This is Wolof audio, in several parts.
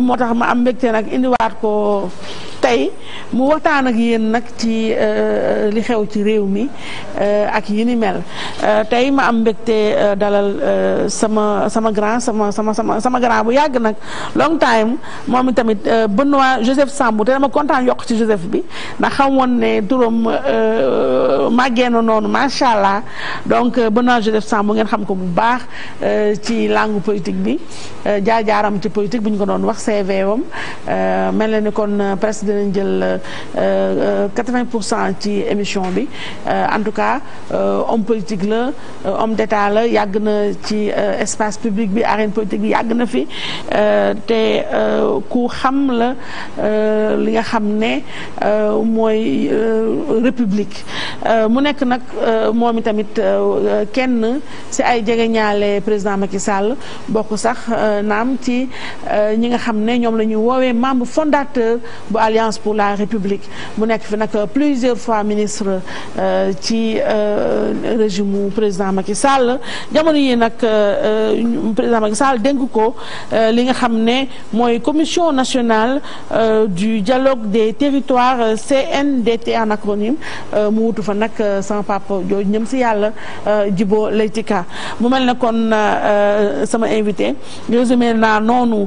moo tax ma am mbégte nag indiwaat ko tey mu waxtaan ak yéen nag ci euh, li xew ci réew mi euh, ak yi ni mel euh, tey ma am mbégte dalal sama sama grand sama sama sama sama grand bu yàgg nag long time moom itamit Benoît Joseph Sambou te dama kontaan yokk ci Joseph bi ndax xam woon ne turam màggee na noonu macha allah donc Benoît Joseph Sambou ngeen xam ko bu baax ci langue politique bi jaar jaaram ci politique buñ ko doon wax CV am mel kon presque dinañ jël 80 euh, euh, pour cent ci émission bi euh, en tout cas homme politique la homme d'état la yàgg na ci espace public bi arène politique bi yàgg na fi te ku xam la li nga xam ne mooy république mu nekk nag moom itamit kenn si ay jegeñaale président Macky Sall bokk sax naam ci ñi nga xam ne ñoom la woowee membre fondateur bu alliance pour la république mu nekk fi nag euh, plusieurs fois ministre euh, ci euh, régime mu président Macky Sall jamono yi nag président Macky Sall dénk ko li nga xam ne mooy commission nationale du dialogue des territoires CNDT en acronyme mu wutu fa nag sama papa jooju ñëm si yàlla Djibo Leyti Ka mu mel ne kon sama invité résumé naa noonu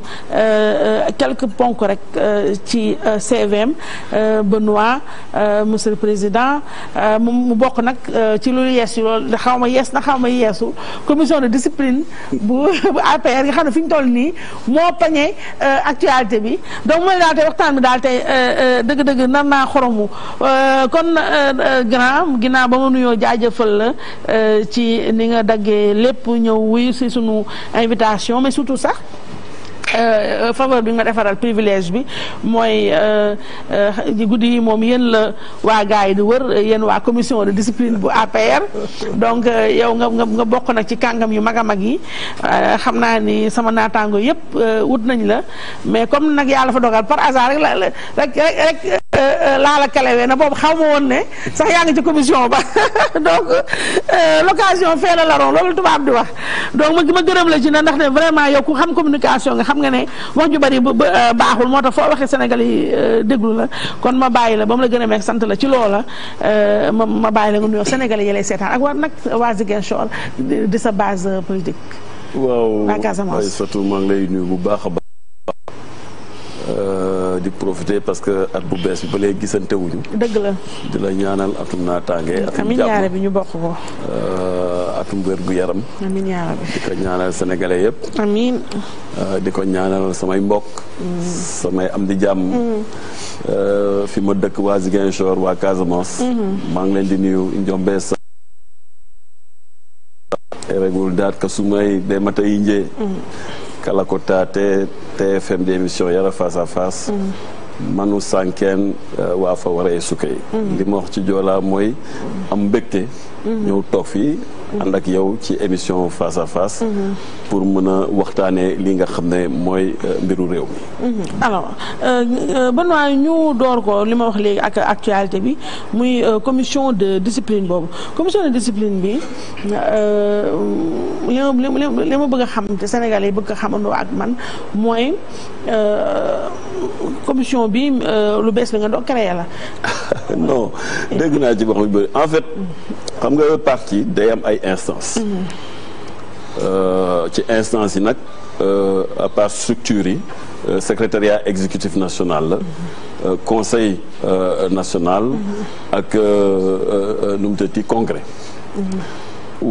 quelques ponk rek ci PVM euh, Benoît euh, monsieur le président euh, moom mu bokk nag ci lu yees yi loolu xaw ma yees na xaw ma yeesu commission de discipline bu bu APR nga xam ne fi ñu toll nii moo pañe actualité bi donc mooy daal tey waxtaan bi daal tey dëgg-dëgg nar naa xoromu kon grand ginnaaw ba ma nuyoo jaajëfal la ci ni nga dagge lépp ñëw wuyu si sunu invitation mais surtout sax Euh, euh, faveur bi nga defaral privilège bi mooy euh, guddi yi moom yéen la waa gars yi di wër yéen waa commission de discipline bu APR donc yow nga nga nga bokk nag ci kàngam yu mag a mag yi xam naa ni sama naataango yëpp wut nañ la mais comme nag yàlla fa dogal par hasard la rek rek Euh, euh, laala kalewee na boobu xaw ma woon ne sax yaa ngi ci commission ba donc euh, l'occasion fait le larron loolu tubaab di wax donc ma ma gërëm la ci na ndax ne vraiment yow ku xam communication nga xam nga ne wax ju bari baaxul moo tax foo waxee Sénégal yi déglu la kon ma bàyyi la ba mu la gën a meeg sant la ci loola ma ma bàyyi la nga nuyoo Sénégal yi lay seetaan ak war nag waa Ziguinchor di sa base politique waaw Casamance surtout maa ngi lay nuyu bu baax a baax di profiter parce que at bu bees bi ba léegi gisante wuñu dëgg la di la ñaanal atum naataange atum jàmm bi ñu bokk ko euh, atum wér gu yaram amiin di ko ñaanal sénégalais yëpp amiin euh, di ko ñaanal samay mbokk mm. samay am di jàmm mm. euh, fi ma dëkk waa Ziguinchor waa Casamance mm-hmm. maa ngi leen di nuyu Njombe sa daat ka sumay demata yi njee mm. Kalakota te TFM di émission Yara face à face. Mm. manu sànkeen eh, waa fa war a mhm. li ma wax ci joolaa mooy am mbégte mhm. ñëw toog fii mhm. ànd ak yow ci émission face à face pour mën a waxtaanee li nga xam ne mooy eh, mbiru réew mi alors euh, euh, Benoît ñu door ko li ma wax léegi ak actualité bi muy euh, commission de discipline boobu commission de discipline bi li ma bëgg a xam te Sénégalais yi bëgg a xamandoo ak man mooy commission bi euh, lu bees li nga doon créé la. non dégg naa ci wax en fait xam nga parti day am ay instances. Mhm. Euh, ci instances yi nag euh, à part structure yi secretariat exécutif national la. Mhm. conseil national. Mhm. ak nu mu tëddee congrès.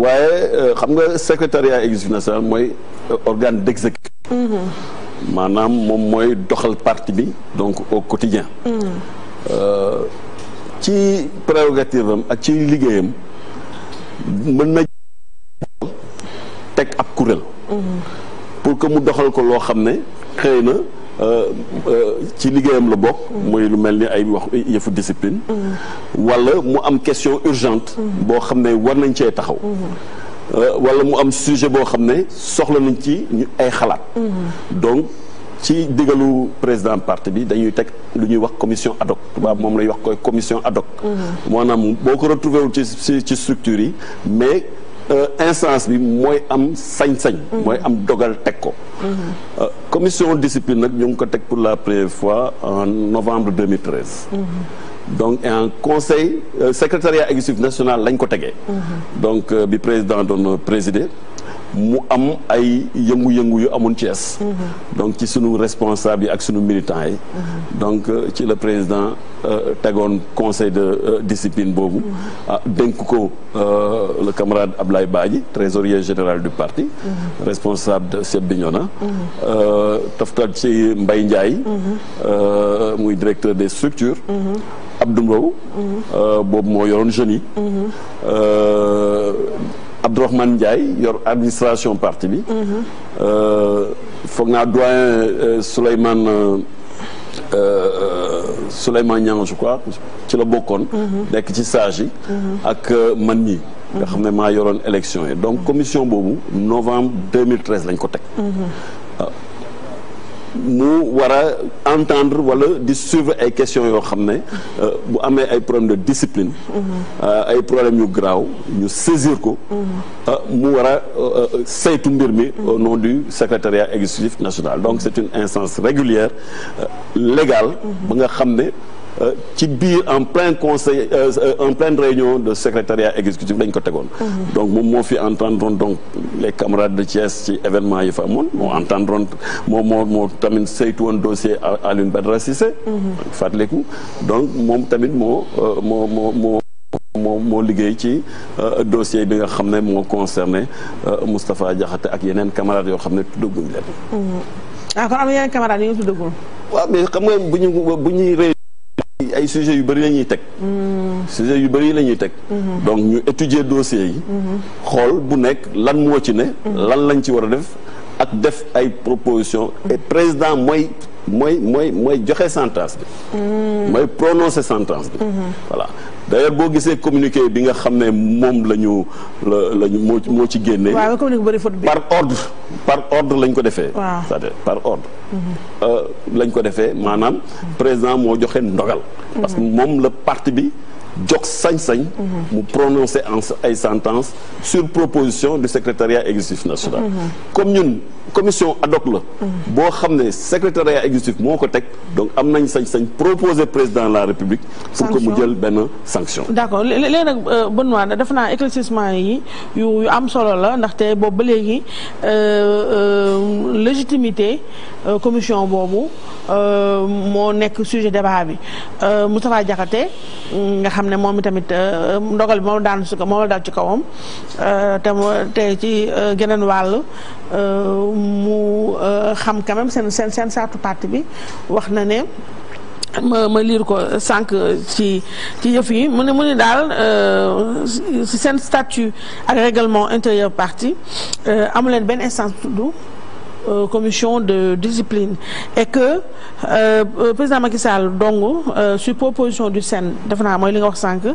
waaye xam nga secretariat exécutif national mooy organe d'exécution. maanaam moom mooy doxal parti bi donc au quotidien euh, ci prérogative am ak ci liggéeyam mën na teg ab kuréel pour que mu doxal ko loo xam ne xëy na euh, euh, ci liggéeyam la bokk mooy lu mel ni ay wax yëfu discipline wala mu am question urgente boo xam ne war nañ cee taxaw Euh, wala mu am sujet boo xam ne soxla nañ ci ñu ay xalaat. Mhm. donc ci digalu président parti bi dañuy teg lu ñuy wax commission ad hoc tubaab moom lay wax koy commission ad hoc. Mhm. maanaam boo ko retrouvé wul ci ci ci structure yi mais. Euh, instance bi mooy am sañ-sañ mhm. mooy am dogal teg ko euh, commission discipline nag ñu ngi ko teg pour la première fois en novembre 2013 donc un conseil euh, secrétariat exécutif lañ ko tegee. Mhm. donc euh, bi président doon présider. mu am ay yëngu-yëngu yu amun Thiès. Mhm. donc ci sunu responsable yi ak sunu militants yi. Mhm. donc euh, ci la président euh, tegoon conseil de discipline boobu. Ah, dénk ko le camarade Ablaye Badji trésorier général du parti. responsable de Seb Bignona. toftal ci Mbaye Ndiaye. muy directeur des structures. Abdou euh, boobu moo yoroon jeunes yi euh, Abdourahmane Ndiaye yor administration parti bi euh, foog naa doyen Souleymane Souleymane Niang je crois ci la bokkoon nekk ci sage yi ak man ñi nga xam ne maa yoroon élection yi donc commission boobu novembre 2013 lañ ko teg mu war a entendre wala di suivre ay questions yoo xam ne euh, bu amee ay problème de discipline euh, ay problème yu graaw ñu saisir ko euh, mu war a saytu mbir mi au nom du secrétariat exécutif national donc c'est une instance régulière légale ba nga xam ne ci biir en plein conseil euh, en pleine réunion de secrétariat exécutif dañ ko tegoon mhm. donc moom moo fi entendron donc les camarades de Thiès ci événement yi fa amoon moo entendron moom moo moo tamit saytu woon dossier Alioune Badara Cissé mhm. fàttaliku donc moom tamit euh, moo moo moo moo moo liggéey ci euh, dossier bi nga xam ne moo concerné Moustapha Diakhaté ak yeneen camarades yoo xam ne tuddaguñ leen. ah am xam nga bu ñu bu ay sujets yu bëri la ñuy teg. Mm. sujets yu bëri lañuy ñuy teg. Mm-hmm. donc ñu étudier dossier yi. Mm-hmm. xool bu nekk lan moo ci ne. Mm-hmm. lan lañ ci war a def ak def ay proposition et président mooy. mooy mooy mooy joxe sentence bi. mooy prononcer sentence bi. voilà d'ailleurs boo gisee communiqué bi nga xam ne moom la ñu la la ñu moo ci génnee. waaw par ordre. par ordre lañ ko defee. waaw c'est-à-dire euh, ko defee maanaam président moo joxe ndogal. parce que moom la parti bi. jox sañ-sañ mu prononcer en ay sentence sur proposition du secrétariat exécutif national mm -hmm. comme ñun commission ad la boo xam ne secrétariat exécutif moo ko teg donc am nañ sañ-sañ proposer président la république pour que mu jël benn sanction d'accord léegi nag euh, Benoît dafa naa éclaircissement yi yu yu am solo la ndaxte boobu ba léegi euh, Euh, euh, légitimité euh, commission boobu moo nekk sujet débat bi mu Moustapha Diakhaté nga xam ne moom tamit ndogal bi moom daan su moom la dal ci kawam te te ci geneen wàll mu xam quand seen seen seen saatu parti bi wax na ne ma liir ko sànq ci ci yëf yi mu ne mu ne daal euh, seen statut ak règlement intérieur parti euh, amu leen benn instance du Euh, commission de discipline et que euh, euh, président Macky Sall dong sur proposition du CEN def naa mooy li nga wax sànq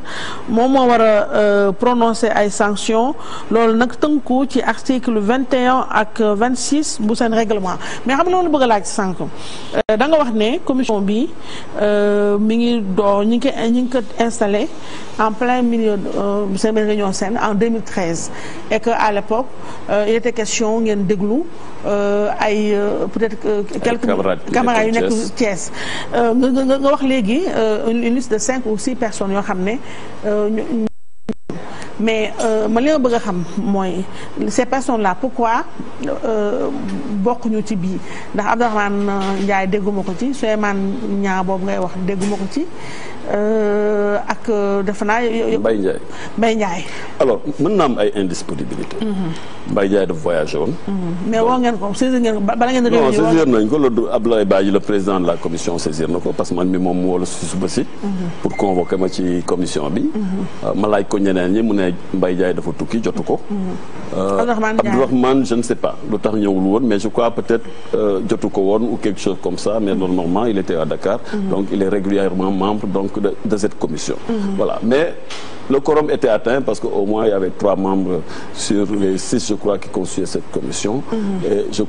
moom moo war a prononcer ay sanctions loolu nag tënku ci article vingt et ak vingt six bu seen réglement mais xam nga loolu bëgg a laaj sànq da nga wax ne commission bi mu ngi door ñu ngi ko ñi ngi ko installé en plein milieu seen benn réunion CEN en 2013 et que à l'époque il était question ngeen déglu. Euh, ay euh, peut-être quelques camarades yu nekk cees euh, nga nga wax léegi une liste de cinq ou six personnes yoo xam ne mais ma li bëgg a xam mooy ces personnes là pourquoi bokkuñu ci bii ndax Abdourahmane Ndiaye dégguma ko ci Souleymane Niang boobu ngay wax dégguma ko ci ak euh, defe naa. Mbaye Ndiaye Mbaye Ndiaye. alors mën naa am ay indisponibilité. Mm-hmm. Mbaye Ndiaye dafa voyagé woon. Mm-hmm. mais woo ngeen ko saisir ngeen ko bala ngeen non saisir nañ ko loolu Abdoulaye Badji le président de la commission saisir na ko parce que man mi moom mu woo la si suba si. Mm-hmm. pour convoquer ma ci commission bi. Euh, ma laaj ko ñeneen ñi mu ne Mbaye Ndiaye defa tukki jotu ko. Euh, Abdourahmane je ne sais pas lu tax ñëwul woon mais je crois peut-être jotu ko woon ou quelque chose comme ça mais normalement il était à Dakar. donc il est régulièrement membre donc de de cette Mm-hmm. voilà mais le quorum était atteint parce que au moins il y avait trois membres sur les six je crois qui constituaient cette commission mm-hmm. et je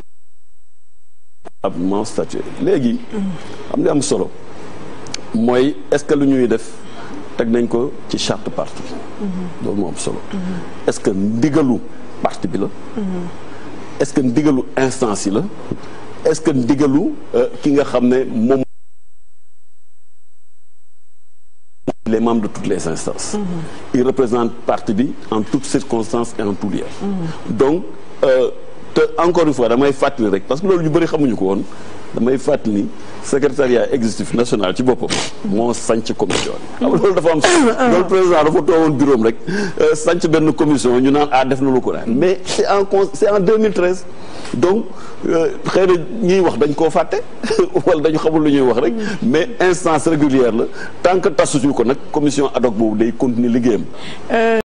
ablement statué mm-hmm. am li solo mooy est-ce que lu ñuy def teg nañ ko ci charte parti loolu moo solo est-ce que ndigalu parti bi la est-ce que ndigalu instance la est-ce que ndigalu euh, ki nga xam ne les membres de toutes les instances. Mhm. Ils représentent parti bi en toutes circonstances et en tout lieu. Mhm. donc euh, encore une fois damay fàttali rek parce que lool ñu bëri xamuñu ko woon. damay fàttali ni secrétariat exécutif national ci boppam moo sanc commission bi xam loolu dafa am ah, ah. loolu président dafa toowoon bureau rek euh, sanc benn commission ñu naan ah def na lu ko naan mm. mais c'est en con c'est en 2013 donc euh, xëy na ñuy wax dañ koo fàtte wala dañu xamul lu ñuy wax rek mm. mais instance régulière la tant que tasuñu ko nag commission ad boobu day continuer liggéeyam euh,